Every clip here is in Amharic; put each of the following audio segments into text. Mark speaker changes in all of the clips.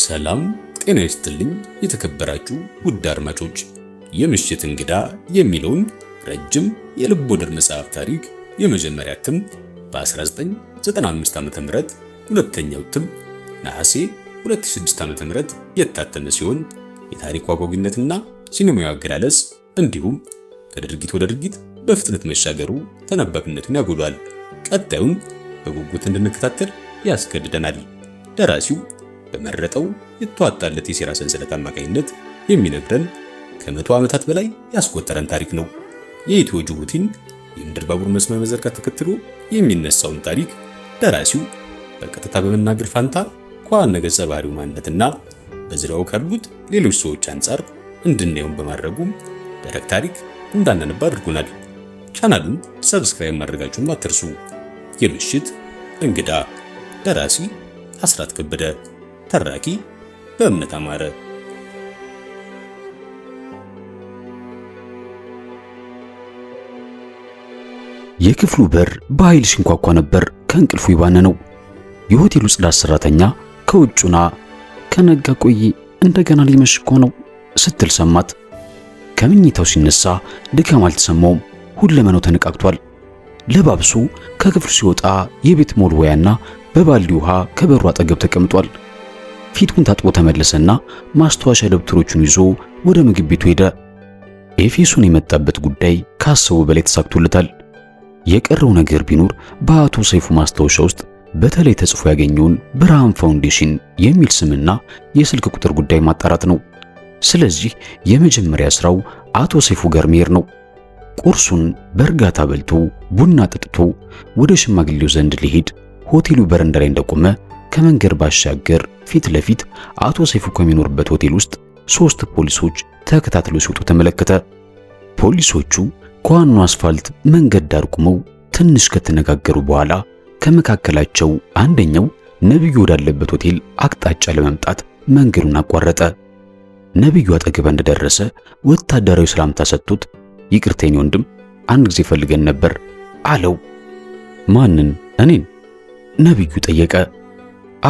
Speaker 1: ሰላም ጤና ይስጥልኝ የተከበራችሁ ውድ አድማጮች፣ የምሽት እንግዳ የሚለውን ረጅም የልብ ወለድ መጽሐፍ ታሪክ የመጀመሪያ እትም በ1995 ዓ.ም ሁለተኛው እትም ነሐሴ ዓ ዓ.ም የታተመ ሲሆን የታሪኩ አጓጊነትና ሲኒማዊ አገላለጽ እንዲሁም ከድርጊት ወደ ድርጊት በፍጥነት መሻገሩ ተነባቢነቱን ያጎሏል። ቀጣዩን በጉጉት እንድንከታተል ያስገድደናል። ደራሲው በመረጠው የተዋጣለት የሴራ ሰንሰለት አማካኝነት የሚነግረን ከመቶ ዓመታት በላይ ያስቆጠረን ታሪክ ነው። የኢትዮ ጅቡቲን የምድር ባቡር መስመር መዘርጋት ተከትሎ የሚነሳውን ታሪክ ደራሲው በቀጥታ በመናገር ፋንታ ከዋነ ገጸ ባህሪው ማንነትና በዙሪያው ካሉት ሌሎች ሰዎች አንጻር እንድናየውን በማድረጉ ደረቅ ታሪክ እንዳናነባ አድርጎናል። ቻናሉን ሰብስክራይብ ማድረጋችሁን አትርሱ። የምሽት እንግዳ ደራሲ አስራት ከበደ ተራኪ በእምነት አማረ
Speaker 2: የክፍሉ በር በኃይል ሲንኳኳ ነበር ከእንቅልፉ ነው። የሆቴሉ ጽዳት ሰራተኛ ከውጭና ከነጋ ቆይ እንደገና ሊመሽ እኮ ነው ስትል ሰማት። ከምኝታው ሲነሳ ድካም አልተሰማውም። ሁለመናው ተነቃቅቷል። ለባብሶ ከክፍሉ ሲወጣ የቤት ሞልወያና በባልዲ ውሃ ከበሩ አጠገብ ተቀምጧል። ፊቱን ታጥቦ ተመለሰና ማስታወሻ ደብተሮቹን ይዞ ወደ ምግብ ቤቱ ሄደ። ኤፌሶን የመጣበት ጉዳይ ካሰቡ በላይ ተሳክቶለታል። የቀረው ነገር ቢኖር በአቶ ሰይፉ ማስታወሻ ውስጥ በተለይ ተጽፎ ያገኘውን ብርሃን ፋውንዴሽን የሚል ስምና የስልክ ቁጥር ጉዳይ ማጣራት ነው። ስለዚህ የመጀመሪያ ስራው አቶ ሰይፉ ጋር መሄድ ነው። ቁርሱን በእርጋታ በልቶ ቡና ጠጥቶ ወደ ሽማግሌው ዘንድ ሊሄድ ሆቴሉ በረንዳ ላይ እንደቆመ ከመንገድ ባሻገር ፊት ለፊት አቶ ሰይፉ ከሚኖርበት ሆቴል ውስጥ ሶስት ፖሊሶች ተከታትለው ሲወጡ ተመለከተ። ፖሊሶቹ ከዋናው አስፋልት መንገድ ዳር ቆመው ትንሽ ከተነጋገሩ በኋላ ከመካከላቸው አንደኛው ነብዩ ወዳለበት ሆቴል አቅጣጫ ለመምጣት መንገዱን አቋረጠ። ነብዩ አጠገብ እንደደረሰ ወታደራዊ ሰላምታ ሰጥቶት ይቅርቴን ወንድም አንድ ጊዜ ፈልገን ነበር አለው። ማንን? እኔን? ነብዩ ጠየቀ።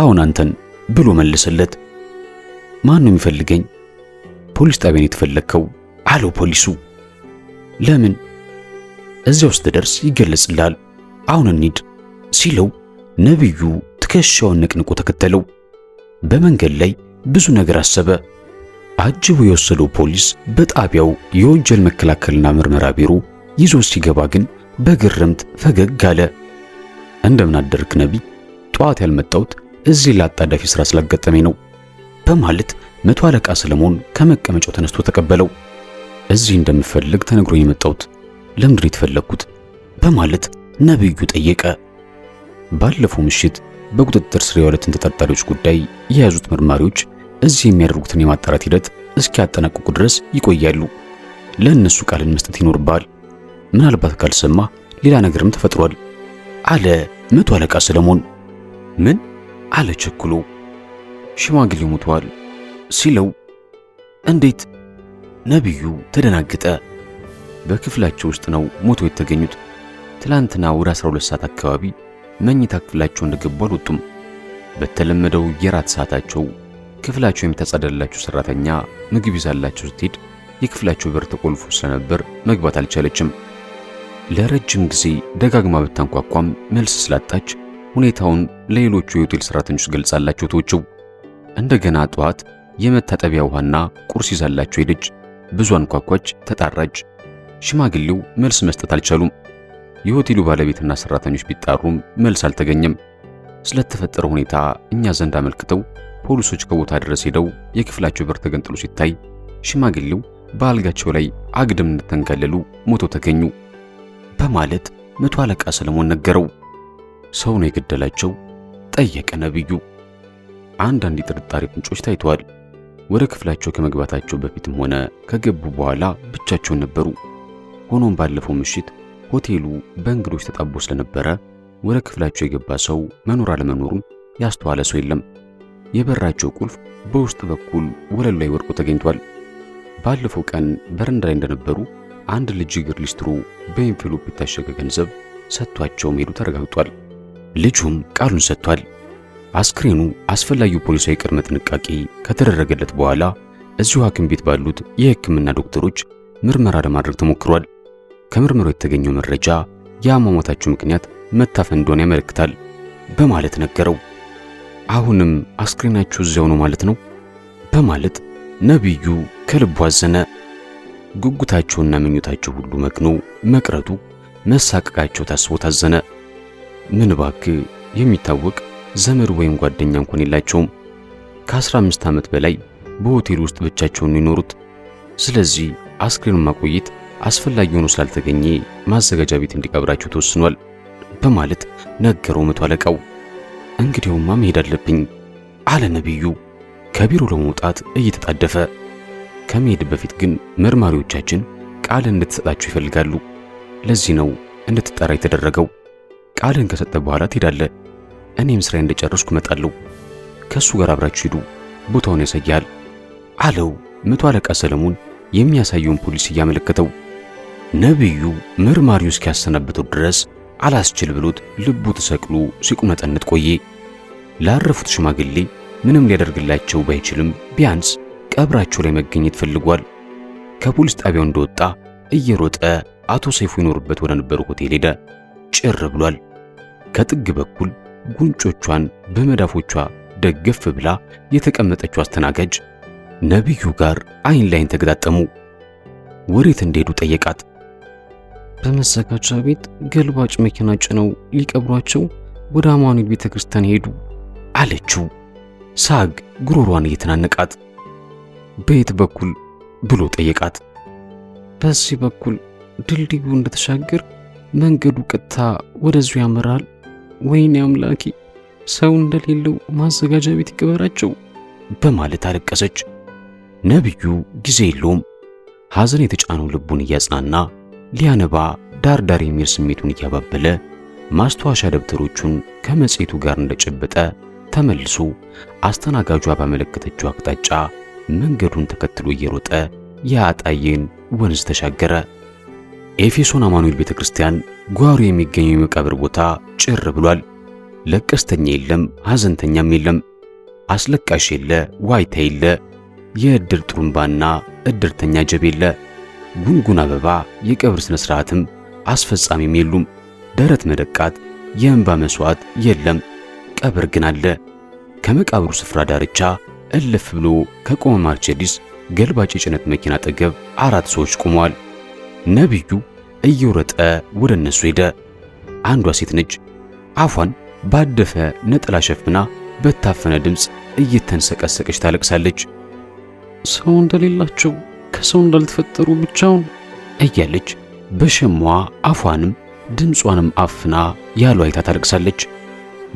Speaker 2: አሁን አንተን ብሎ መለሰለት። ማን ነው የሚፈልገኝ? ፖሊስ ጣቢያን የተፈለግከው አለው ፖሊሱ። ለምን? እዚያ ውስጥ ደርስ ይገለጽላል? አሁን እንሂድ ሲለው ነቢዩ ትከሻውን ነቅንቆ ተከተለው። በመንገድ ላይ ብዙ ነገር አሰበ። አጅቡ የወሰደው ፖሊስ በጣቢያው የወንጀል መከላከልና ምርመራ ቢሮ ይዞ ሲገባ ግን በግርምት ፈገግ አለ። እንደምን አደርክ ነቢይ፣ ጠዋት ያልመጣሁት እዚህ ለአጣዳፊ ስራ ስላጋጠመኝ ነው በማለት መቶ አለቃ ሰለሞን ከመቀመጫው ተነስቶ ተቀበለው። እዚህ እንደምፈልግ ተነግሮ የመጣሁት ለምድር የተፈለግኩት በማለት ነብዩ ጠየቀ። ባለፈው ምሽት በቁጥጥር ስር የዋሉትን ተጠርጣሪዎች ጉዳይ የያዙት መርማሪዎች እዚህ የሚያደርጉትን የማጣራት ሂደት እስኪያጠናቅቁ ድረስ ይቆያሉ። ለእነሱ ቃልን መስጠት ይኖርብሃል። ምናልባት ካልሰማ ሌላ ነገርም ተፈጥሯል አለ መቶ አለቃ ሰለሞን ምን አለ ቸኩሎ። ሽማግሌው ሞቷል ሲለው እንዴት? ነቢዩ ተደናገጠ። በክፍላቸው ውስጥ ነው ሞተው የተገኙት። ትላንትና ወደ 12 ሰዓት አካባቢ መኝታ ክፍላቸው እንደገቡ አልወጡም። በተለመደው የራት ሰዓታቸው ክፍላቸው የምታጸዳላቸው ሰራተኛ ምግብ ይዛላቸው ስትሄድ የክፍላቸው በር ተቆልፎ ስለነበር መግባት አልቻለችም። ለረጅም ጊዜ ደጋግማ ብታንኳኳም መልስ ስላጣች ሁኔታውን ለሌሎቹ የሆቴል ሠራተኞች ገልጻላቸው ተወችው። እንደገና ጠዋት የመታጠቢያ ውሃና ቁርስ ይዛላቸው ሄደች። ብዙ አንኳኳች፣ ተጣራች። ሽማግሌው መልስ መስጠት አልቻሉም። የሆቴሉ ባለቤትና ሰራተኞች ቢጣሩም መልስ አልተገኘም። ስለተፈጠረ ሁኔታ እኛ ዘንድ አመልክተው ፖሊሶች ከቦታ ድረስ ሄደው የክፍላቸው በር ተገንጥሎ ሲታይ ሽማግሌው በአልጋቸው ላይ አግድም እንደተንከለሉ ሞተው ተገኙ በማለት መቶ አለቃ ሰለሞን ነገረው። ሰው ነው የገደላቸው? ጠየቀ ነቢዩ። አንዳንድ የጥርጣሬ ፍንጮች ታይተዋል። ወደ ክፍላቸው ከመግባታቸው በፊትም ሆነ ከገቡ በኋላ ብቻቸውን ነበሩ። ሆኖም ባለፈው ምሽት ሆቴሉ በእንግዶች ተጣቦ ስለነበረ ወደ ክፍላቸው የገባ ሰው መኖር አለመኖሩን ያስተዋለ ሰው የለም። የበራቸው ቁልፍ በውስጥ በኩል ወለሉ ላይ ወድቆ ተገኝቷል። ባለፈው ቀን በረንዳ ላይ እንደነበሩ አንድ ልጅ እግር ሊስትሮ በኤንቬሎፕ የታሸገ ገንዘብ ሰጥቷቸው መሄዱ ተረጋግጧል። ልጁም ቃሉን ሰጥቷል። አስክሬኑ አስፈላጊው ፖሊሳዊ ቅድመ ጥንቃቄ ከተደረገለት በኋላ እዚሁ ሐኪም ቤት ባሉት የሕክምና ዶክተሮች ምርመራ ለማድረግ ተሞክሯል። ከምርመራው የተገኘው መረጃ የአሟሟታቸው ምክንያት መታፈን እንደሆነ ያመለክታል በማለት ነገረው። አሁንም አስክሬናቸው እዚያው ነው ማለት ነው በማለት ነቢዩ ከልቡ አዘነ። ጉጉታቸውና ምኞታቸው ሁሉ መግኖ መቅረቱ መሳቀቃቸው ታስቦ ታዘነ። ምን ባክ የሚታወቅ ዘመድ ወይም ጓደኛ እንኳን የላቸውም። ከ15 ዓመት በላይ በሆቴል ውስጥ ብቻቸውን ይኖሩት። ስለዚህ አስክሬኑን ማቆየት አስፈላጊ ሆኖ ስላልተገኘ ማዘጋጃ ቤት እንዲቀብራቸው ተወስኗል በማለት ነገረው መቶ አለቃው። እንግዲያውማ መሄድ አለብኝ አለ ነቢዩ ከቢሮ ለመውጣት እየተጣደፈ። ከመሄድ በፊት ግን መርማሪዎቻችን ቃል እንድትሰጣቸው ይፈልጋሉ። ለዚህ ነው እንድትጠራ የተደረገው። ቃልህን ከሰጠ በኋላ ትሄዳለ እኔም ስራ እንደጨረስኩ እመጣለሁ። ከእሱ ጋር አብራችሁ ሂዱ፣ ቦታውን ያሳያል አለው። መቶ አለቃ ሰለሞን የሚያሳየውን ፖሊስ እያመለከተው ነቢዩ መርማሪው እስኪያሰናብተው ድረስ አላስችል ብሎት ልቡ ተሰቅሎ ሲቁነጠነጥ ቆየ። ላረፉት ሽማግሌ ምንም ሊያደርግላቸው ባይችልም ቢያንስ ቀብራቸው ላይ መገኘት ፈልጓል። ከፖሊስ ጣቢያው እንደወጣ እየሮጠ አቶ ሰይፉ ይኖርበት ወደ ነበረው ሆቴል ሄደ። ጭር ብሏል። ከጥግ በኩል ጉንጮቿን በመዳፎቿ ደገፍ ብላ የተቀመጠችው አስተናጋጅ ነቢዩ ጋር አይን ላይን ተገጣጠሙ። ወዴት እንደሄዱ ጠየቃት።
Speaker 3: በመዘጋጃ ቤት ገልባጭ መኪና ጭነው ሊቀብሯቸው ወደ አማኑኤል ቤተ ክርስቲያን ሄዱ
Speaker 2: አለችው። ሳግ ጉሮሯን እየተናነቃት በየት በኩል ብሎ ጠየቃት።
Speaker 3: በዚህ በኩል ድልድዩ እንደተሻገር መንገዱ ቀጥታ ወደዚሁ ያመራል ወይኔ አምላኬ ሰው እንደሌለው ማዘጋጃ ቤት ይቅበራቸው
Speaker 2: በማለት አለቀሰች። ነቢዩ ጊዜ የለውም። ሐዘን የተጫነው ልቡን እያጽናና ሊያነባ ዳር ዳር የሚል ስሜቱን እያባበለ ማስታወሻ ደብተሮቹን ከመጽሔቱ ጋር እንደጨበጠ ተመልሶ አስተናጋጇ ባመለከተችው አቅጣጫ መንገዱን ተከትሎ እየሮጠ የአጣዬን ወንዝ ተሻገረ። ኤፌሶን አማኑኤል ቤተ ክርስቲያን ጓሮ የሚገኘው የመቃብር ቦታ ጭር ብሏል። ለቀስተኛ የለም፣ ሐዘንተኛም የለም፣ አስለቃሽ የለ፣ ዋይታ የለ፣ የዕድር ጥሩምባና እድርተኛ ጀብ የለ፣ ጉንጉን አበባ የቀብር ሥነ ሥርዓትም አስፈጻሚም የሉም፣ ደረት መደቃት፣ የእንባ መሥዋዕት የለም፣ ቀብር ግን አለ። ከመቃብሩ ስፍራ ዳርቻ እልፍ ብሎ ከቆመ ማርቸዲስ ገልባጭ የጭነት መኪና አጠገብ አራት ሰዎች ቆመዋል። ነቢዩ እየወረጠ ወደ እነሱ ሄደ። አንዷ ሴት ነች። አፏን ባደፈ ነጠላ ሸፍና በታፈነ ድምፅ እየተንሰቀሰቀች ታለቅሳለች።
Speaker 3: ሰው እንደሌላቸው ከሰው እንዳልተፈጠሩ ብቻውን
Speaker 2: እያለች በሸሟ አፏንም ድምጿንም አፍና ያሉ አይታ ታለቅሳለች።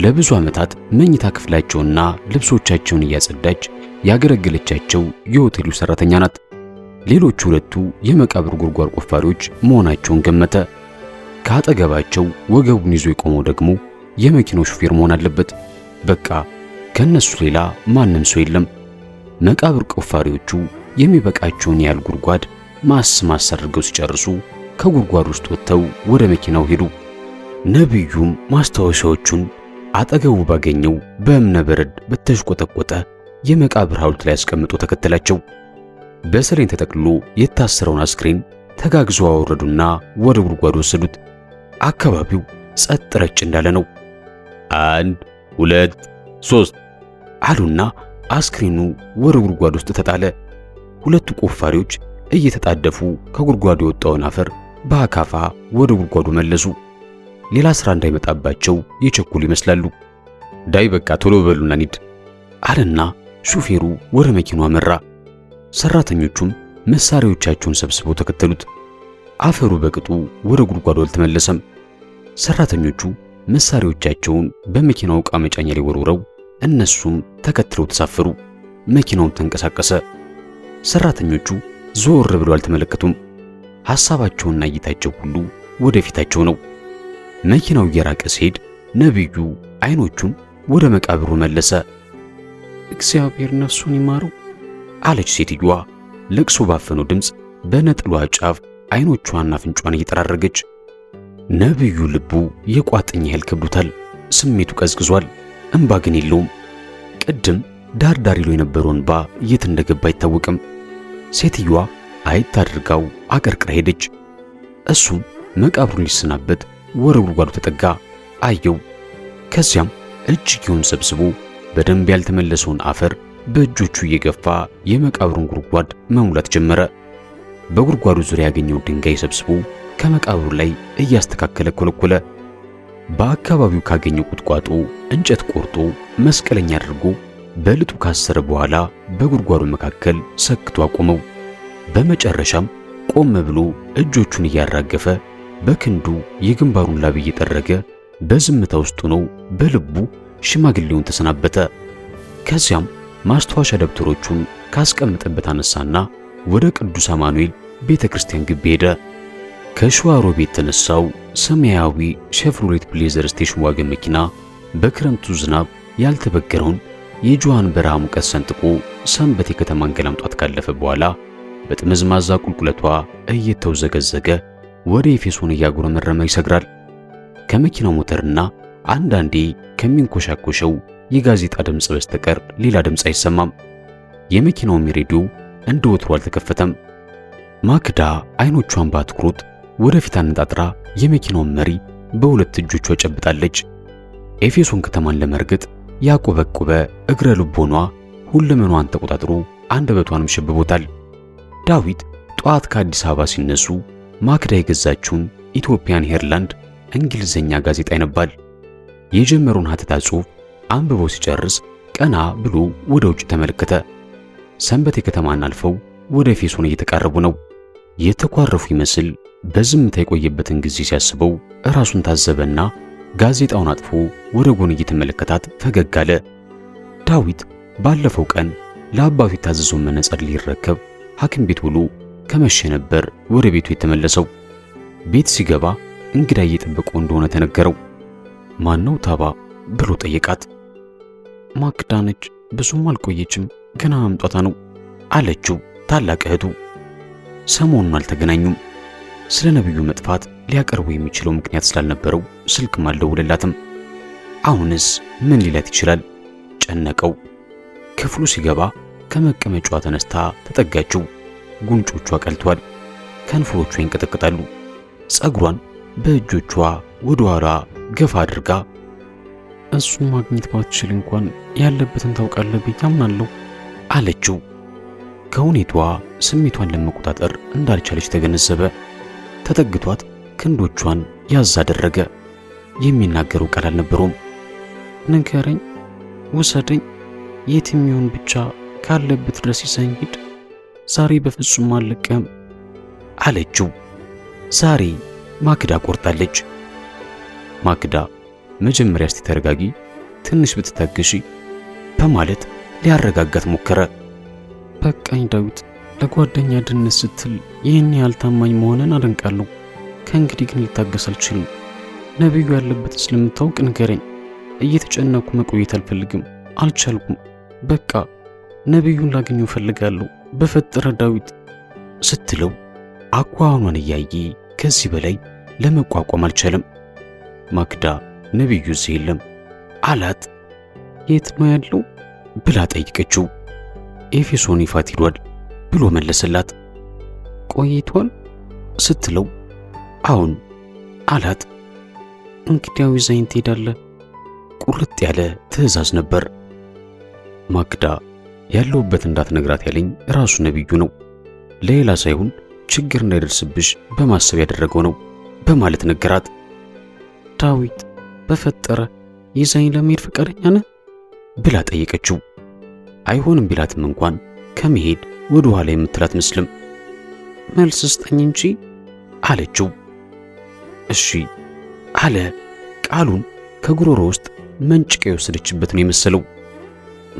Speaker 2: ለብዙ ዓመታት መኝታ ክፍላቸውና ልብሶቻቸውን እያጸዳች ያገለገለቻቸው የሆቴሉ ሰራተኛ ናት። ሌሎች ሁለቱ የመቃብር ጉድጓድ ቆፋሪዎች መሆናቸውን ገመተ። ከአጠገባቸው ወገቡን ይዞ የቆመው ደግሞ የመኪናው ሹፌር መሆን አለበት። በቃ ከነሱ ሌላ ማንም ሰው የለም። መቃብር ቆፋሪዎቹ የሚበቃቸውን ያህል ጉድጓድ ማስ ማስ አድርገው ሲጨርሱ ከጉድጓድ ውስጥ ወጥተው ወደ መኪናው ሄዱ። ነቢዩም ማስታወሻዎቹን አጠገቡ ባገኘው በእብነ በረድ በተሽቆጠቆጠ የመቃብር ሐውልት ላይ አስቀምጦ ተከተላቸው። በሰሌን ተጠቅልሎ የታሰረውን አስክሬን ተጋግዞ አወረዱና ወደ ጉድጓድ ወሰዱት። አካባቢው ጸጥ ረጭ እንዳለ ነው። አንድ ሁለት ሶስት አሉና አስክሬኑ ወደ ጉድጓድ ውስጥ ተጣለ። ሁለቱ ቆፋሪዎች እየተጣደፉ ከጉድጓዱ የወጣውን አፈር በአካፋ ወደ ጉድጓዱ መለሱ። ሌላ ስራ እንዳይመጣባቸው የቸኩል ይመስላሉ። ዳይ በቃ ቶሎ በሉና ኒድ አለና ሹፌሩ ወደ መኪናው አመራ። ሰራተኞቹም መሳሪያዎቻቸውን ሰብስበው ተከተሉት። አፈሩ በቅጡ ወደ ጉድጓዱ አልተመለሰም። ሰራተኞቹ መሳሪያዎቻቸውን በመኪናው ዕቃ መጫኛ ላይ ወርውረው እነሱም ተከትለው ተሳፈሩ። መኪናውን ተንቀሳቀሰ። ሰራተኞቹ ዞር ብለው አልተመለከቱም። ሐሳባቸውና እይታቸው ሁሉ ወደ ፊታቸው ነው። መኪናው እየራቀ ሲሄድ ነቢዩ አይኖቹን ወደ መቃብሩ መለሰ።
Speaker 3: እግዚአብሔር ነፍሱን ይማረው።
Speaker 2: አለች ሴትዮዋ ለቅሶ ባፈነው ድምፅ በነጥሏ ጫፍ አይኖቿና አፍንጯን እየጠራረገች። ነብዩ ልቡ የቋጥኝ ያህል ከብዶታል። ስሜቱ ቀዝቅዟል። እንባ ግን የለውም። ቅድም ዳር ዳር ይሎ የነበረው እንባ የት እንደገባ አይታወቅም። ሴትዮዋ አይታድርጋው አድርጋው አቀርቅራ ሄደች። እሱም መቃብሩን ሊሰናበት ወደ ጉድጓዱ ተጠጋ፣ አየው። ከዚያም እጅጌውን ሰብስቦ በደንብ ያልተመለሰውን አፈር በእጆቹ እየገፋ የመቃብሩን ጉድጓድ መሙላት ጀመረ። በጉድጓዱ ዙሪያ ያገኘው ድንጋይ ሰብስቦ ከመቃብሩ ላይ እያስተካከለ ኮለኮለ። በአካባቢው ካገኘው ቁጥቋጦ እንጨት ቆርጦ መስቀለኛ አድርጎ በልጡ ካሰረ በኋላ በጉድጓዱ መካከል ሰክቶ አቆመው። በመጨረሻም ቆም ብሎ እጆቹን እያራገፈ በክንዱ የግንባሩን ላብ እየጠረገ በዝምታ ውስጥ ሆኖ በልቡ ሽማግሌውን ተሰናበተ። ከዚያም ማስታወሻ ደብተሮቹን ካስቀመጠበት አነሳና ወደ ቅዱስ አማኑኤል ቤተ ክርስቲያን ግቢ ሄደ። ከሸዋሮ ቤት ተነሳው ሰማያዊ ሼፍሮሌት ብሌዘር ስቴሽን ዋገን መኪና በክረምቱ ዝናብ ያልተበገረውን የጆዋን በረሃ ሙቀት ሰንጥቆ ሰንበት የከተማን ገላምጧት ካለፈ በኋላ በጥምዝማዛ ቁልቁለቷ እየተውዘገዘገ ወደ ኤፌሶን እያጉረመረመ ይሰግራል። ከመኪናው ሞተርና አንዳንዴ ከሚንኮሻኮሸው የጋዜጣ ድምፅ በስተቀር ሌላ ድምፅ አይሰማም። የመኪናውም ሬዲዮ እንደ ወትሮ አልተከፈተም። ማክዳ አይኖቿን በአትኩሮት ወደፊት አነጣጥራ የመኪናውን መሪ በሁለት እጆቿ ጨብጣለች። ኤፌሶን ከተማን ለመርገጥ ያቆበቆበ እግረ ልቦኗ ሁለመኗን ተቆጣጥሮ አንደበቷንም ሸብቦታል። ዳዊት ጠዋት ከአዲስ አበባ ሲነሱ ማክዳ የገዛችውን ኢትዮጵያን ሄርላንድ እንግሊዘኛ ጋዜጣ ይነባል። የጀመረውን ሀተታ ጽሑፍ አንብቦ ሲጨርስ ቀና ብሎ ወደ ውጭ ተመለከተ። ሰንበቴ ከተማን አልፈው ወደ ኤፌሶን እየተቃረቡ ነው። የተኳረፉ ይመስል በዝምታ የቆየበትን ጊዜ ሲያስበው ራሱን ታዘበና ጋዜጣውን አጥፎ ወደ ጎን እየተመለከታት ፈገግ አለ። ዳዊት ባለፈው ቀን ለአባቱ የታዘዘውን መነጽር ሊረከብ ሐኪም ቤት ውሎ ከመሸ ነበር ወደ ቤቱ የተመለሰው። ቤት ሲገባ እንግዳ እየጠበቀው እንደሆነ ተነገረው። ማን ነው ታባ ብሎ ጠየቃት።
Speaker 3: ማክዳ ነች፣ ብዙም አልቆየችም፣ ገና አምጧታ ነው አለችው ታላቅ እህቱ።
Speaker 2: ሰሞኑን አልተገናኙም። ስለ ነብዩ መጥፋት ሊያቀርቡ የሚችለው ምክንያት ስላልነበረው ስልክም አልደውልላትም። አሁንስ ምን ሊላት ይችላል? ጨነቀው። ክፍሉ ሲገባ ከመቀመጫዋ ተነስታ ተጠጋችው። ጉንጮቿ ቀልተዋል። ከንፈሮቿ ይንቀጠቀጣሉ። ፀጉሯን በእጆቿ ወደ ኋላ ገፋ አድርጋ
Speaker 3: እሱን ማግኘት ባትችል እንኳን ያለበትን ታውቃለህ ብዬ አምናለሁ
Speaker 2: አለችው። ከሁኔቷ ስሜቷን ለመቆጣጠር እንዳልቻለች ተገነዘበ። ተጠግቷት ክንዶቿን ያዝ አደረገ። የሚናገረው ቃል አልነበሩም።
Speaker 3: ንገረኝ፣ ውሰደኝ፣ የትም ይሁን ብቻ ካለበት ድረስ ይዘኝ ሂድ፣ ዛሬ በፍጹም አልለቀም
Speaker 2: አለችው። ዛሬ ማክዳ ቆርጣለች። ማክዳ መጀመሪያ እስቲ ተረጋጊ፣ ትንሽ ብትታገሺ በማለት ሊያረጋጋት ሞከረ።
Speaker 3: በቃኝ ዳዊት፣ ለጓደኛ ድነት ስትል ይህን ያህል ታማኝ መሆንን አደንቃለሁ። ከእንግዲህ ግን ልታገስ አልችልም። ነቢዩ ያለበት ስለምታውቅ ንገረኝ። እየተጨነኩ መቆየት አልፈልግም። አልቻልኩም። በቃ ነቢዩን ላገኘው ፈልጋለሁ በፈጠረ ዳዊት
Speaker 2: ስትለው አኳኗን እያየ ከዚህ በላይ ለመቋቋም አልቻለም። ማክዳ ነቢዩ እዚህ የለም አላት።
Speaker 3: የት ነው ያለው
Speaker 2: ብላ ጠይቀችው። ኤፌሶን ይፋት ሂዷል ብሎ መለሰላት። ቆይቷል ስትለው አሁን አላት።
Speaker 3: እንግዲያው ይዛኝ ትሄዳለህ።
Speaker 2: ቁርጥ ያለ ትዕዛዝ ነበር። ማክዳ ያለውበት እንዳትነግራት ያለኝ ራሱ ነቢዩ ነው። ለሌላ ሳይሆን ችግር እንዳይደርስብሽ በማሰብ ያደረገው ነው በማለት ነገራት።
Speaker 3: ዳዊት በፈጠረ ይዘኝ ለመሄድ ፈቃደኛ ነህ
Speaker 2: ብላ ጠየቀችው። አይሆንም ቢላትም እንኳን ከመሄድ ወደ ኋላ የምትላት መስልም
Speaker 3: መልስ ስጠኝ እንጂ
Speaker 2: አለችው። እሺ አለ። ቃሉን ከጉሮሮ ውስጥ መንጭቃ የወሰደችበት ነው የመሰለው።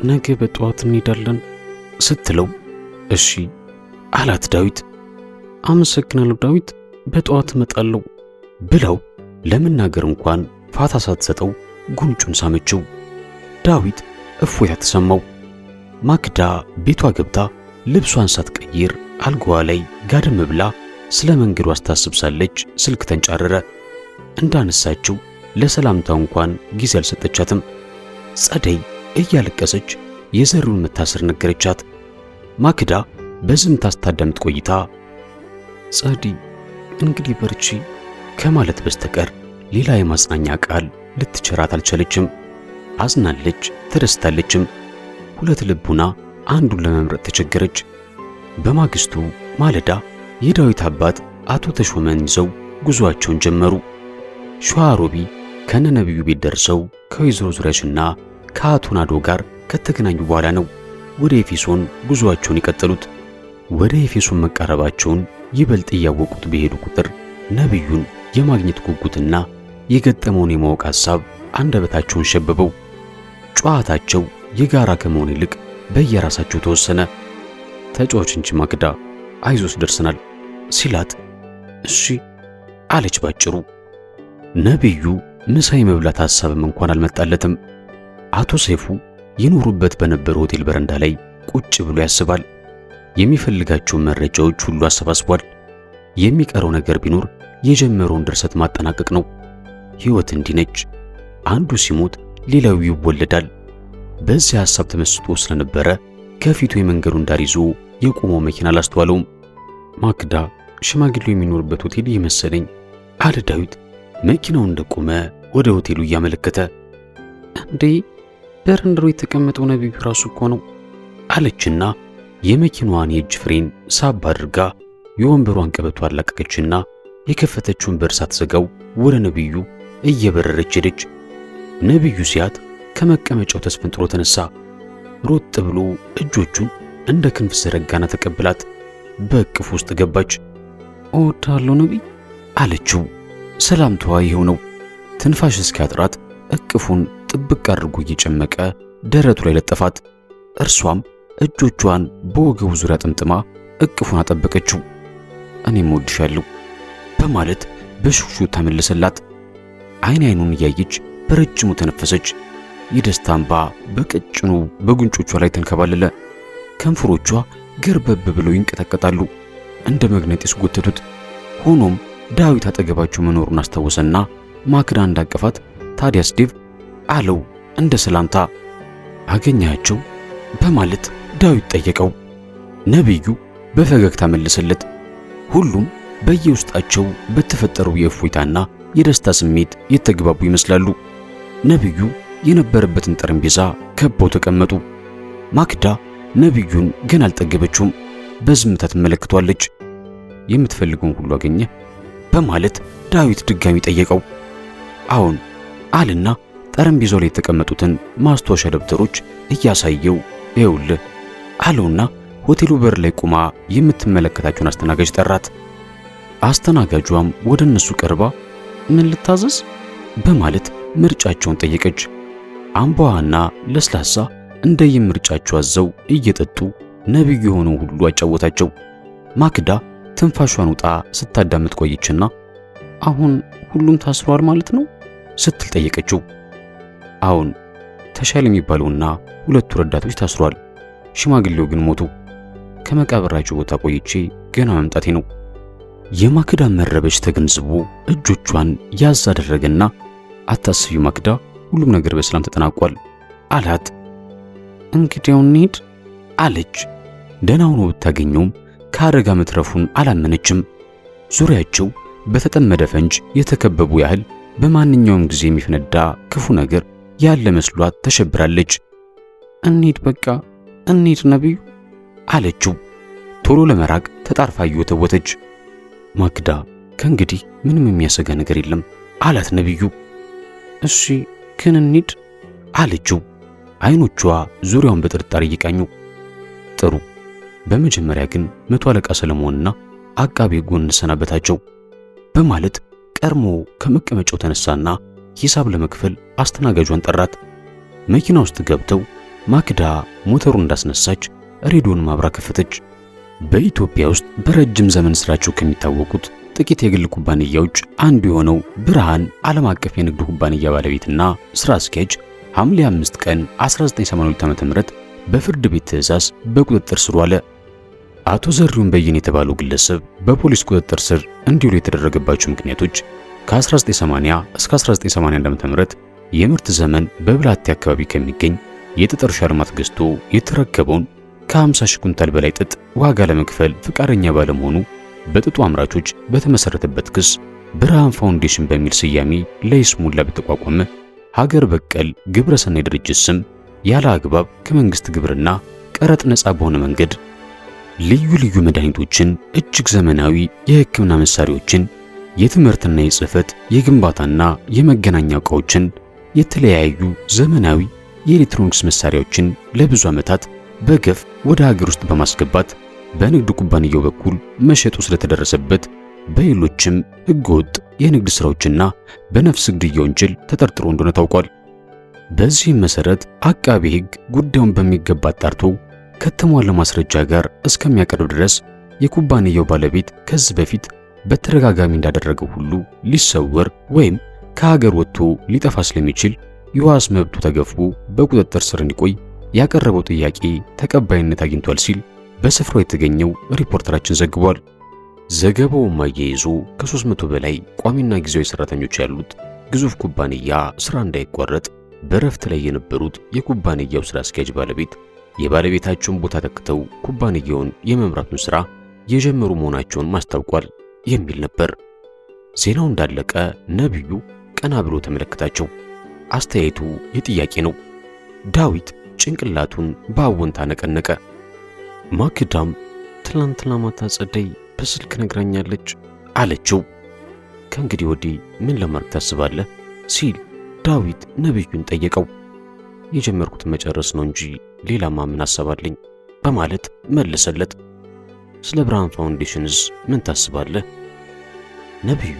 Speaker 3: ነገ በጠዋት እንሄዳለን
Speaker 2: ስትለው እሺ አላት ዳዊት።
Speaker 3: አመሰግናለሁ ዳዊት፣ በጠዋት እመጣለሁ
Speaker 2: ብለው ለመናገር እንኳን ፋታ ሳትሰጠው ጉንጩን ሳመችው። ዳዊት እፎያ ተሰማው። ማክዳ ቤቷ ገብታ ልብሷን ሳትቀይር አልጋዋ ላይ ጋደም ብላ ስለ መንገዱ አስታስብ ሳለች ስልክ ተንጫረረ። እንዳነሳችው ለሰላምታ እንኳን ጊዜ አልሰጠቻትም። ጸደይ እያለቀሰች የዘሪውን መታሰር ነገረቻት። ማክዳ በዝምታ ስታዳምጥ ቆይታ
Speaker 3: ጸዲ እንግዲህ በርቺ
Speaker 2: ከማለት በስተቀር ሌላ የማጽናኛ ቃል ልትቸራት አልቻለችም። አዝናለች፣ ተደስታለችም። ሁለት ልቡና አንዱን ለመምረጥ ተቸገረች። በማግስቱ ማለዳ የዳዊት አባት አቶ ተሾመን ይዘው ጉዞአቸውን ጀመሩ። ሸዋሮቢ ነቢዩ ቤት ደርሰው ከወይዘሮ ዙሪያሽና ከአቶ ናዶ ጋር ከተገናኙ በኋላ ነው ወደ ኤፌሶን ጉዞአቸውን የቀጠሉት። ወደ ኤፌሶን መቃረባቸውን ይበልጥ እያወቁት በሄዱ ቁጥር ነቢዩን የማግኘት ጉጉትና የገጠመውን የማወቅ ሐሳብ አንደበታቸውን ሸብበው ጨዋታቸው የጋራ ከመሆን ይልቅ በየራሳቸው ተወሰነ። ተጫዋቾችን ችማክዳ አይዞስ ደርሰናል ሲላት እሺ አለች ባጭሩ። ነቢዩ ምሳ የመብላት ሐሳብም እንኳን አልመጣለትም። አቶ ሰይፉ ይኖሩበት በነበረው ሆቴል በረንዳ ላይ ቁጭ ብሎ ያስባል። የሚፈልጋቸውን መረጃዎች ሁሉ አሰባስቧል። የሚቀረው ነገር ቢኖር የጀመረውን ድርሰት ማጠናቀቅ ነው። ሕይወት እንዲነጭ አንዱ ሲሞት ሌላው ይወለዳል። በዚህ ሐሳብ ተመስጦ ስለነበረ ከፊቱ የመንገዱን ዳር ይዞ የቆመው መኪና አላስተዋለውም። ማክዳ ሽማግሌው የሚኖርበት ሆቴል ይመሰለኝ አለ ዳዊት መኪናው እንደቆመ ወደ ሆቴሉ እያመለከተ።
Speaker 3: እንዴ በረንዳው የተቀመጠው ነቢዩ ራሱ እኮ ነው
Speaker 2: አለችና የመኪናዋን የእጅ ፍሬን ሳብ አድርጋ የወንበሯን ቀበቶ አላቀቀችና የከፈተችውን በእርሳት ሳትዘጋው ወደ ነቢዩ እየበረረች ሄደች። ነቢዩ ሲያት ከመቀመጫው ተስፈንጥሮ ተነሳ። ሮጥ ብሎ እጆቹን እንደ ክንፍ ዘረጋና ተቀብላት በእቅፍ ውስጥ ገባች።
Speaker 3: እወድሃለሁ ነቢይ
Speaker 2: አለችው። ሰላምታዋ ይኸው ነው። ትንፋሽ እስኪያጥራት እቅፉን ጥብቅ አድርጎ እየጨመቀ ደረቱ ላይ ለጠፋት። እርሷም እጆቿን በወገቡ ዙሪያ ጠምጥማ እቅፉን አጠበቀችው። እኔም እወድሻለሁ በማለት በሹክሹክታ መለሰላት። አይን አይኑን እያየች በረጅሙ ተነፈሰች። የደስታ እንባ በቀጭኑ በጉንጮቿ ላይ ተንከባለለ። ከንፈሮቿ ገርበብ ብለው ይንቀጠቀጣሉ። እንደ መግነጢስ ጎተቱት። ሆኖም ዳዊት አጠገባቸው መኖሩን አስታወሰና ማክዳ እንዳቀፋት ታዲያስ ዴቭ አለው እንደ ሰላምታ። አገኛቸው በማለት ዳዊት ጠየቀው። ነቢዩ በፈገግታ መለሰለት። ሁሉም በየውስጣቸው በተፈጠረው የእፎይታና የደስታ ስሜት የተግባቡ ይመስላሉ። ነቢዩ የነበረበትን ጠረጴዛ ከበው ተቀመጡ። ማክዳ ነቢዩን ገና አልጠገበችውም። በዝምታ ትመለከቷለች። የምትፈልገውን ሁሉ አገኘ በማለት ዳዊት ድጋሚ ጠየቀው። አሁን አልና ጠረጴዛው ላይ የተቀመጡትን ማስታወሻ ደብተሮች እያሳየው ይውል አለውና ሆቴሉ በር ላይ ቆማ የምትመለከታቸውን አስተናጋጅ ጠራት። አስተናጋጇም ወደ እነሱ ቀርባ ምን ልታዘዝ በማለት ምርጫቸውን ጠየቀች። አምባዋና ለስላሳ እንደየም ምርጫቸው አዘው እየጠጡ ነብይ የሆነው ሁሉ አጫወታቸው። ማክዳ ትንፋሿን ውጣ ስታዳምጥ ቆየችና አሁን ሁሉም ታስሯል ማለት ነው ስትል ጠየቀችው። አሁን ተሻለ የሚባለውና ሁለቱ ረዳቶች ታስሯል፣ ሽማግሌው ግን ሞቱ። ከመቃብራቸው ቦታ ቆይቼ ገና መምጣቴ ነው የማክዳ መረበሽ ተገንዝቦ እጆቿን ያዝ አደረገና አታስቢ ማክዳ፣ ሁሉም ነገር በሰላም ተጠናቋል አላት። እንግዲያው እንሂድ አለች። ደህና ሆኖ ብታገኘውም ከአደጋ መትረፉን አላመነችም። ዙሪያቸው በተጠመደ ፈንጅ የተከበቡ ያህል በማንኛውም ጊዜ የሚፈነዳ ክፉ ነገር ያለ መስሏት ተሸብራለች።
Speaker 3: እንሂድ በቃ እንሂድ ነብዩ
Speaker 2: አለችው። ቶሎ ለመራቅ ተጣርፋ እየወተወተች ማክዳ ከእንግዲህ ምንም የሚያሰጋ ነገር የለም አላት ነቢዩ።
Speaker 3: እሺ ግን እንሂድ
Speaker 2: አለችው፣ አይኖቿ ዙሪያውን በጥርጣሬ እየቃኙ። ጥሩ በመጀመሪያ ግን መቶ አለቃ ሰለሞንና አቃቤ ሕጉን እንሰናበታቸው በማለት ቀድሞ ከመቀመጫው ተነሳና ሂሳብ ለመክፈል አስተናጋጇን ጠራት። መኪና ውስጥ ገብተው ማክዳ ሞተሩን እንዳስነሳች ሬዲዮን ማብራ ከፈተች። በኢትዮጵያ ውስጥ በረጅም ዘመን ስራቸው ከሚታወቁት ጥቂት የግል ኩባንያዎች አንዱ የሆነው ብርሃን ዓለም አቀፍ የንግድ ኩባንያ ባለቤትና ስራ አስኪያጅ ሐምሌ 5 ቀን 1982 ዓ.ም በፍርድ ቤት ትዕዛዝ በቁጥጥር ስር ዋለ። አቶ ዘሪሁን በየነ የተባለው ግለሰብ በፖሊስ ቁጥጥር ስር እንዲውሉ የተደረገባቸው ምክንያቶች ከ1980 እስከ 1981 ዓ.ም የምርት ዘመን በብላቴ አካባቢ ከሚገኝ የተጠርሻ እርሻ ልማት ገዝቶ የተረከበውን ከ50 ሺህ ኩንታል በላይ ጥጥ ዋጋ ለመክፈል ፈቃደኛ ባለመሆኑ በጥጡ አምራቾች በተመሰረተበት ክስ ብርሃን ፋውንዴሽን በሚል ስያሜ ለይስሙላ በተቋቋመ ሀገር በቀል ግብረሰናይ ድርጅት ስም ያለ አግባብ ከመንግስት ግብርና ቀረጥ ነፃ በሆነ መንገድ ልዩ ልዩ መድኃኒቶችን፣ እጅግ ዘመናዊ የህክምና መሳሪያዎችን፣ የትምህርትና የጽህፈት የግንባታና የመገናኛ እቃዎችን የተለያዩ ዘመናዊ የኤሌክትሮኒክስ መሳሪያዎችን ለብዙ ዓመታት በገፍ ወደ ሀገር ውስጥ በማስገባት በንግድ ኩባንያው በኩል መሸጡ ስለተደረሰበት በሌሎችም ህገወጥ የንግድ ስራዎችና በነፍስ ግድያ ወንጀል ተጠርጥሮ እንደሆነ ታውቋል። በዚህም መሰረት አቃቤ ህግ ጉዳዩን በሚገባ አጣርቶ ከተሟላ ማስረጃ ጋር እስከሚያቀርብ ድረስ የኩባንያው ባለቤት ከዚህ በፊት በተደጋጋሚ እንዳደረገው ሁሉ ሊሰወር ወይም ከሀገር ወጥቶ ሊጠፋ ስለሚችል የዋስ መብቱ ተገፎ በቁጥጥር ስር እንዲቆይ ያቀረበው ጥያቄ ተቀባይነት አግኝቷል ሲል በስፍራው የተገኘው ሪፖርተራችን ዘግቧል። ዘገባውም አያይዞ ከ300 በላይ ቋሚና ጊዜያዊ ሰራተኞች ያሉት ግዙፍ ኩባንያ ስራ እንዳይቋረጥ በእረፍት ላይ የነበሩት የኩባንያው ስራ አስኪያጅ ባለቤት የባለቤታቸውን ቦታ ተክተው ኩባንያውን የመምራቱን ስራ የጀመሩ መሆናቸውን ማስታውቋል የሚል ነበር። ዜናው እንዳለቀ ነቢዩ ቀና ብሎ ተመለከታቸው። አስተያየቱ የጥያቄ ነው። ዳዊት ጭንቅላቱን በአዎንታ ነቀነቀ።
Speaker 3: ማክዳም ትላንትና ማታ ጸደይ በስልክ ነግራኛለች
Speaker 2: አለችው። ከእንግዲህ ወዲህ ምን ለማድረግ ታስባለህ ሲል ዳዊት ነቢዩን ጠየቀው። የጀመርኩት መጨረስ ነው እንጂ ሌላ ማምን አሰባለኝ በማለት መለሰለት። ስለ ብርሃን ፋውንዴሽንስ ምን ታስባለህ? ነቢዩ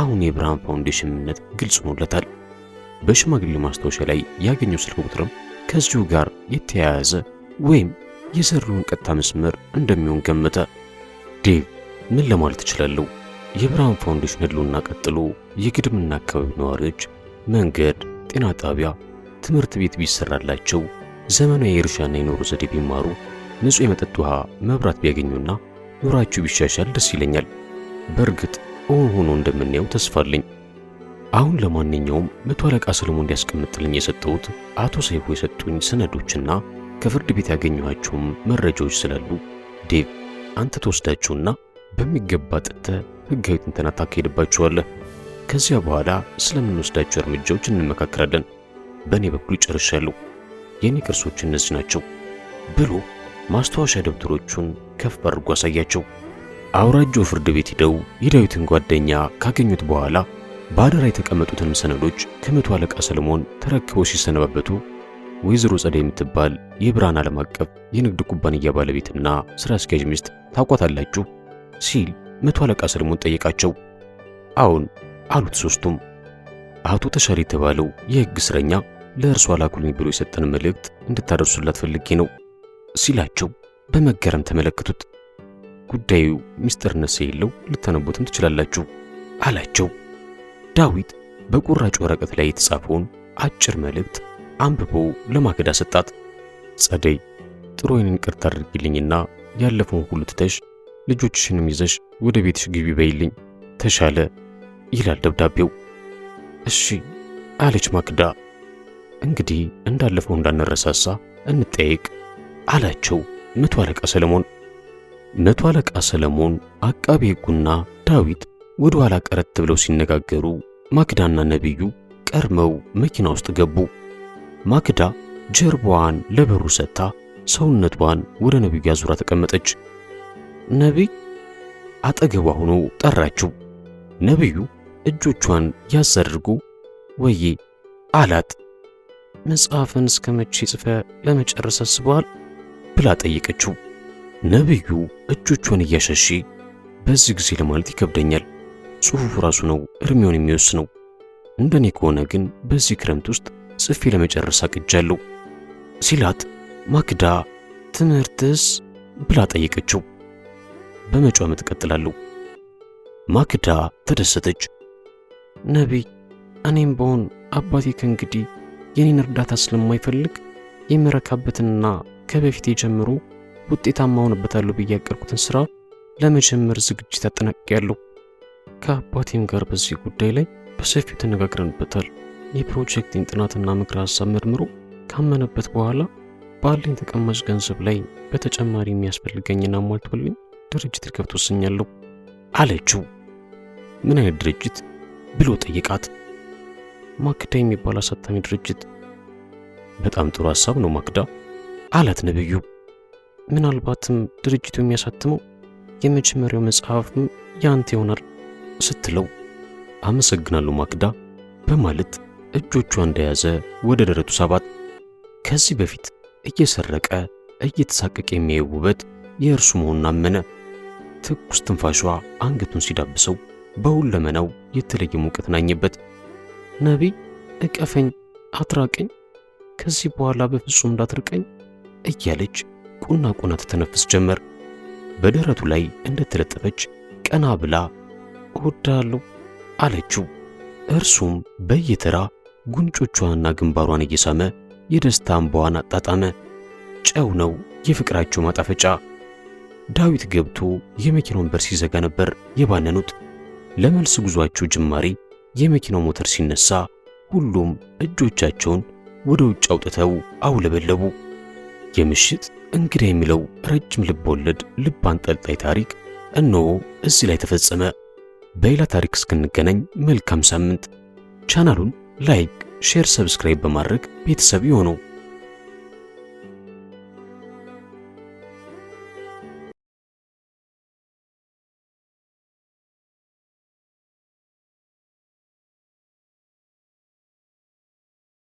Speaker 2: አሁን የብርሃን ፋውንዴሽን ምነት ግልጽ ሆኖለታል። በሽማግሌ ማስታወሻ ላይ ያገኘው ስልክ ቁጥርም ከዚሁ ጋር የተያያዘ ወይም የዘሪውን ቀጥታ መስመር እንደሚሆን ገመተ። ዴቭ ምን ለማለት እችላለሁ? የብርሃን ፋውንዴሽን ህልውና ቀጥሎ የግድምና አካባቢ ነዋሪዎች መንገድ፣ ጤና ጣቢያ፣ ትምህርት ቤት ቢሰራላቸው ዘመናዊ የእርሻና የኖሮ ዘዴ ቢማሩ ንጹህ የመጠጥ ውሃ፣ መብራት ቢያገኙና ኑሯቸው ቢሻሻል ደስ ይለኛል። በእርግጥ እውን ሆኖ እንደምናየው ተስፋ አለኝ። አሁን ለማንኛውም መቶ አለቃ ሰለሞን እንዲያስቀምጥልኝ የሰጠሁት አቶ ሰይፉ የሰጡኝ ሰነዶችና ከፍርድ ቤት ያገኘኋቸውም መረጃዎች ስላሉ ዴቭ አንተ ተወስዳችሁና በሚገባ ጥተ ህጋዊ ትንተና ታካሄድባችኋለህ። ከዚያ በኋላ ስለምንወስዳቸው እርምጃዎች እንመካከራለን። በእኔ በኩል ጨርሻለሁ። የእኔ ቅርሶች እነዚህ ናቸው ብሎ ማስታወሻ ደብተሮቹን ከፍ አድርጎ አሳያቸው። አውራጆ ፍርድ ቤት ሂደው የዳዊትን ጓደኛ ካገኙት በኋላ በአደራ የተቀመጡትንም ሰነዶች ከመቶ አለቃ ሰለሞን ተረክበው ሲሰነባበቱ ወይዘሮ ጸደይ የምትባል የብርሃን ዓለም አቀፍ የንግድ ኩባንያ ባለቤትና ስራ አስኪያጅ ሚስት ታውቋታላችሁ? ሲል መቶ አለቃ ሰለሞን ጠየቃቸው። አሁን አሉት ሶስቱም አቶ ተሻሪ የተባለው የህግ እስረኛ ለእርሷ ላኩልኝ ብሎ የሰጠን መልእክት እንድታደርሱላት ፈልጌ ነው ሲላቸው በመገረም ተመለከቱት። ጉዳዩ ምስጢርነት የሌለው ልታነቡትም ትችላላችሁ አላቸው። ዳዊት በቁራጭ ወረቀት ላይ የተጻፈውን አጭር መልእክት አንብቦ ለማገዳ ሰጣት። ጸደይ ጥሩ ቅርት ቅርታ አድርጊልኝና ያለፈውን ሁሉ ትተሽ ልጆችሽንም ይዘሽ ወደ ቤትሽ ግቢ በይልኝ ተሻለ ይላል ደብዳቤው። እሺ አለች ማክዳ። እንግዲህ እንዳለፈው እንዳንረሳሳ እንጠየቅ አላቸው መቶ አለቃ ሰለሞን። መቶ አለቃ ሰለሞን አቃቤ ሕጉና ዳዊት ወደ ኋላ ቀረት ብለው ሲነጋገሩ ማክዳና ነቢዩ ቀርመው መኪና ውስጥ ገቡ። ማክዳ ጀርባዋን ለበሩ ሰጥታ ሰውነቷን ወደ ነቢዩ አዙራ ተቀመጠች። ነቢይ አጠገቧ ሆኖ ጠራችው። ነቢዩ እጆቿን ያዝ አድርጎ ወዬ አላት።
Speaker 3: መጽሐፍን እስከ መቼ ጽፈ ለመጨረስ አስበዋል
Speaker 2: ብላ ጠየቀችው። ነቢዩ እጆቿን እያሸሼ በዚህ ጊዜ ለማለት ይከብደኛል ጽሑፉ ራሱ ነው እድሜውን የሚወስነው። እንደኔ ከሆነ ግን በዚህ ክረምት ውስጥ ጽፌ ለመጨረስ አቅጃለሁ ሲላት ማክዳ ትምህርትስ ብላ ጠየቀችው። በመጪው ዓመት እቀጥላለሁ። ማክዳ ተደሰተች።
Speaker 3: ነቢይ፣ እኔም በሆን አባቴ ከእንግዲህ የኔን እርዳታ ስለማይፈልግ የምረካበትንና ከበፊቴ ጀምሮ ውጤታማ ሆንበታለሁ ብዬ ያቀርኩትን ሥራ ለመጀመር ዝግጅት አጠናቅቄያለሁ ከአባቴም ጋር በዚህ ጉዳይ ላይ በሰፊው ተነጋግረንበታል። የፕሮጀክትን ጥናትና ምክር ሀሳብ መርምሮ ካመነበት በኋላ ባለኝ ተቀማጭ ገንዘብ ላይ በተጨማሪ የሚያስፈልገኝን አሟልቶልኝ ድርጅት ልከፍት ወስኛለሁ
Speaker 2: አለችው። ምን አይነት ድርጅት ብሎ ጠይቃት
Speaker 3: ማክዳ የሚባል አሳታሚ ድርጅት።
Speaker 2: በጣም ጥሩ ሀሳብ ነው ማክዳ አላት ነብዩ።
Speaker 3: ምናልባትም ድርጅቱ የሚያሳትመው የመጀመሪያው መጽሐፍም ያንተ ይሆናል
Speaker 2: ስትለው አመሰግናለሁ ማክዳ በማለት እጆቿ እንደያዘ ወደ ደረቱ ሳባት። ከዚህ በፊት እየሰረቀ እየተሳቀቀ የሚያየው ውበት የእርሱ መሆኑን አመነ። ትኩስ ትንፋሿ አንገቱን ሲዳብሰው በሁለመናው የተለየ ሙቀት ናኘበት። ነቢ እቀፈኝ፣ አትራቀኝ፣ ከዚህ በኋላ በፍጹም እንዳትርቀኝ እያለች ቁና ቁና ትተነፍስ ጀመር። በደረቱ ላይ እንደተለጠፈች ቀና ብላ እወድሃለሁ አለችው። እርሱም በየተራ ጉንጮቿንና ግንባሯን እየሳመ የደስታ እንባዋን አጣጣመ። ጨው ነው የፍቅራቸው ማጣፈጫ። ዳዊት ገብቶ የመኪናውን በር ሲዘጋ ነበር የባነኑት። ለመልስ ጉዟቸው ጅማሬ የመኪናው ሞተር ሲነሳ ሁሉም እጆቻቸውን ወደ ውጭ አውጥተው አውለበለቡ። የምሽት እንግዳ የሚለው ረጅም ልብ ወለድ ልብ አንጠልጣይ ታሪክ እነሆ እዚህ ላይ ተፈጸመ። በሌላ ታሪክ እስክንገናኝ መልካም ሳምንት። ቻናሉን ላይክ፣ ሼር፣ ሰብስክራይብ በማድረግ ቤተሰብ ይሆነው